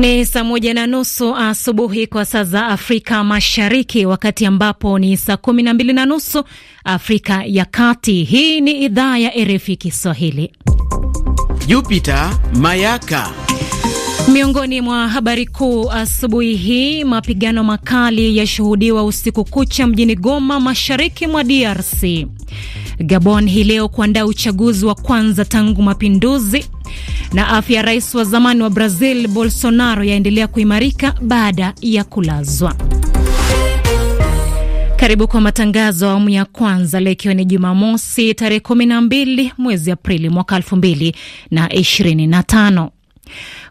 Ni saa moja na nusu asubuhi kwa saa za Afrika Mashariki, wakati ambapo ni saa kumi na mbili na nusu Afrika ya Kati. Hii ni idhaa ya RFI Kiswahili. Jupita Mayaka. Miongoni mwa habari kuu asubuhi hii, mapigano makali yashuhudiwa usiku kucha mjini Goma, mashariki mwa DRC. Gabon hii leo kuandaa uchaguzi wa kwanza tangu mapinduzi na afya ya rais wa zamani wa Brazil Bolsonaro yaendelea kuimarika baada ya kulazwa. Karibu kwa matangazo awamu ya kwanza leo, ikiwa ni Jumamosi tarehe 12 mwezi Aprili mwaka 2025.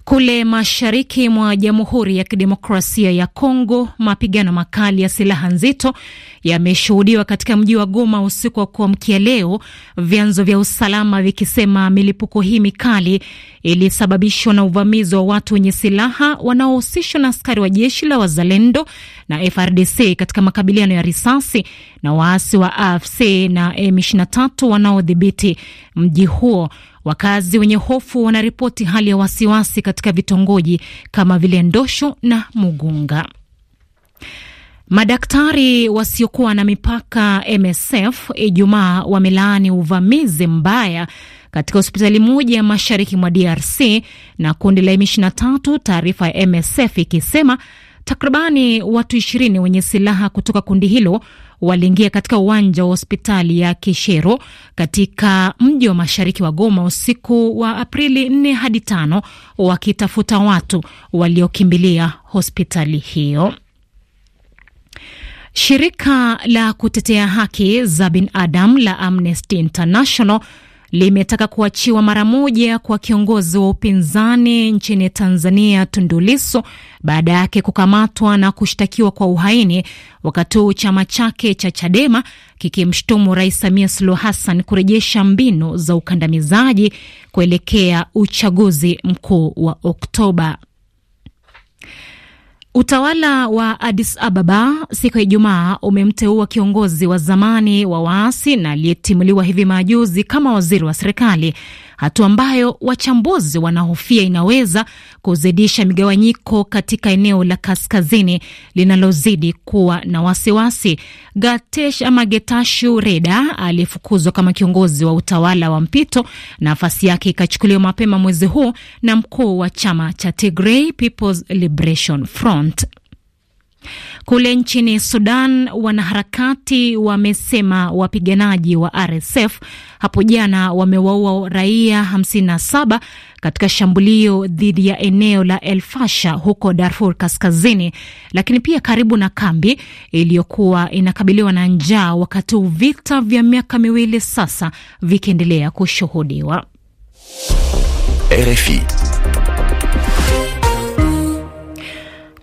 Kule mashariki mwa Jamhuri ya Kidemokrasia ya Kongo, mapigano makali ya silaha nzito yameshuhudiwa katika mji wa Goma usiku wa kuamkia leo, vyanzo vya usalama vikisema milipuko hii mikali ilisababishwa na uvamizi wa watu wenye silaha wanaohusishwa na askari wa jeshi la Wazalendo na FRDC katika makabiliano ya risasi na waasi wa AFC na M23 wanaodhibiti mji huo. Wakazi wenye hofu wanaripoti hali ya wasiwasi katika vitongoji kama vile Ndosho na Mugunga. Madaktari wasiokuwa na mipaka MSF Ijumaa wamelaani uvamizi mbaya katika hospitali moja ya mashariki mwa DRC na kundi la M23, taarifa ya MSF ikisema Takribani watu ishirini wenye silaha kutoka kundi hilo waliingia katika uwanja wa hospitali ya Keshero katika mji wa mashariki wa Goma usiku wa Aprili 4 hadi tano wakitafuta watu waliokimbilia hospitali hiyo. Shirika la kutetea haki za binadamu la Amnesty International limetaka kuachiwa mara moja kwa kiongozi wa upinzani nchini Tanzania Tundu Lissu baada yake kukamatwa na kushtakiwa kwa uhaini, wakati huu chama chake cha Chadema kikimshutumu Rais Samia Suluhu Hassan kurejesha mbinu za ukandamizaji kuelekea uchaguzi mkuu wa Oktoba. Utawala wa Addis Ababa siku ya Ijumaa umemteua kiongozi wa zamani wa waasi na aliyetimuliwa hivi majuzi kama waziri wa serikali hatua ambayo wachambuzi wanahofia inaweza kuzidisha migawanyiko katika eneo la kaskazini linalozidi kuwa na wasiwasi. Gatesh ama Getashu Reda aliyefukuzwa kama kiongozi wa utawala wa mpito, nafasi yake ikachukuliwa mapema mwezi huu na mkuu wa chama cha Tigray People's Liberation Front. Kule nchini Sudan, wanaharakati wamesema wapiganaji wa RSF hapo jana wamewaua raia 57 katika shambulio dhidi ya eneo la El Fasha huko Darfur Kaskazini, lakini pia karibu na kambi iliyokuwa inakabiliwa na njaa, wakati vita vya miaka miwili sasa vikiendelea kushuhudiwa. RFI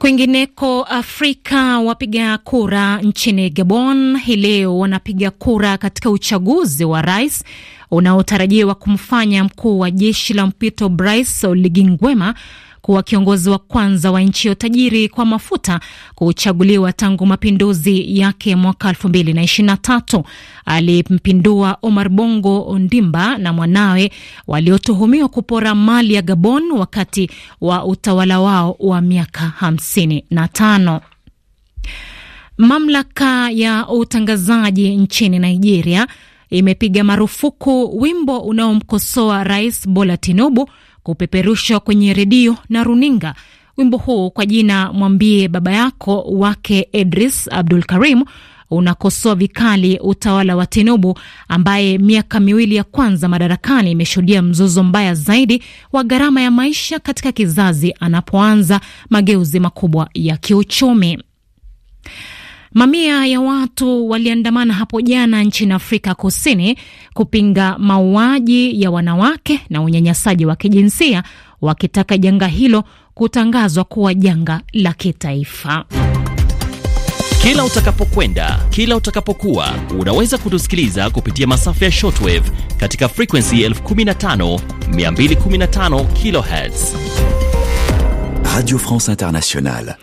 Kwingineko Afrika, wapiga kura nchini Gabon hii leo wanapiga kura katika uchaguzi wa rais unaotarajiwa kumfanya mkuu wa jeshi la mpito Brice Oligingwema kuwa kiongozi wa kwanza wa nchi hiyo tajiri kwa mafuta kuchaguliwa tangu mapinduzi yake mwaka tatu. Alimpindua Omar Bongo Ondimba na mwanawe waliotuhumiwa kupora mali ya Gabon wakati wa utawala wao wa miaka tano Mamlaka ya utangazaji nchini Nigeria imepiga marufuku wimbo unaomkosoa Rais Bola Tinubu kupeperushwa kwenye redio na runinga. Wimbo huu kwa jina Mwambie Baba Yako wake Edris Abdul Karim unakosoa vikali utawala wa Tinubu ambaye miaka miwili ya kwanza madarakani imeshuhudia mzozo mbaya zaidi wa gharama ya maisha katika kizazi anapoanza mageuzi makubwa ya kiuchumi. Mamia ya watu waliandamana hapo jana nchini Afrika Kusini kupinga mauaji ya wanawake na unyanyasaji wa kijinsia, wakitaka janga hilo kutangazwa kuwa janga la kitaifa. Kila utakapokwenda, kila utakapokuwa, unaweza kutusikiliza kupitia masafa ya shortwave katika frequency 15215 kilohertz. Radio France Internationale.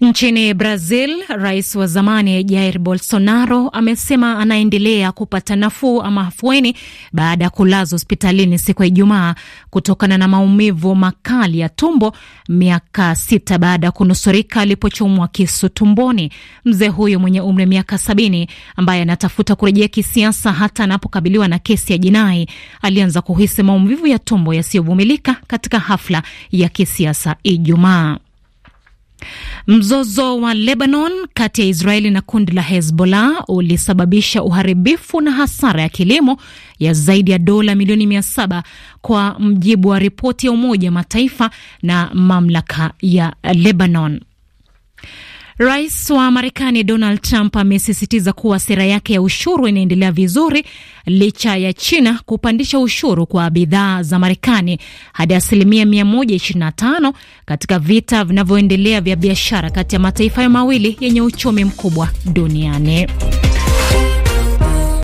Nchini Brazil, rais wa zamani Jair Bolsonaro amesema anaendelea kupata nafuu ama afueni baada ya kulazwa hospitalini siku ya Ijumaa kutokana na maumivu makali ya tumbo, miaka sita baada ya kunusurika alipochomwa kisu tumboni. Mzee huyo mwenye umri wa miaka sabini, ambaye anatafuta kurejea kisiasa hata anapokabiliwa na kesi ya jinai, alianza kuhisi maumivu ya tumbo yasiyovumilika katika hafla ya kisiasa Ijumaa. Mzozo wa Lebanon kati ya Israeli na kundi la Hezbollah ulisababisha uharibifu na hasara ya kilimo ya zaidi ya dola milioni mia saba kwa mjibu wa ripoti ya Umoja wa Mataifa na mamlaka ya Lebanon. Rais wa Marekani Donald Trump amesisitiza kuwa sera yake ya ushuru inaendelea vizuri licha ya China kupandisha ushuru kwa bidhaa za Marekani hadi asilimia 125 katika vita vinavyoendelea vya biashara kati ya mataifa ya mawili yenye uchumi mkubwa duniani.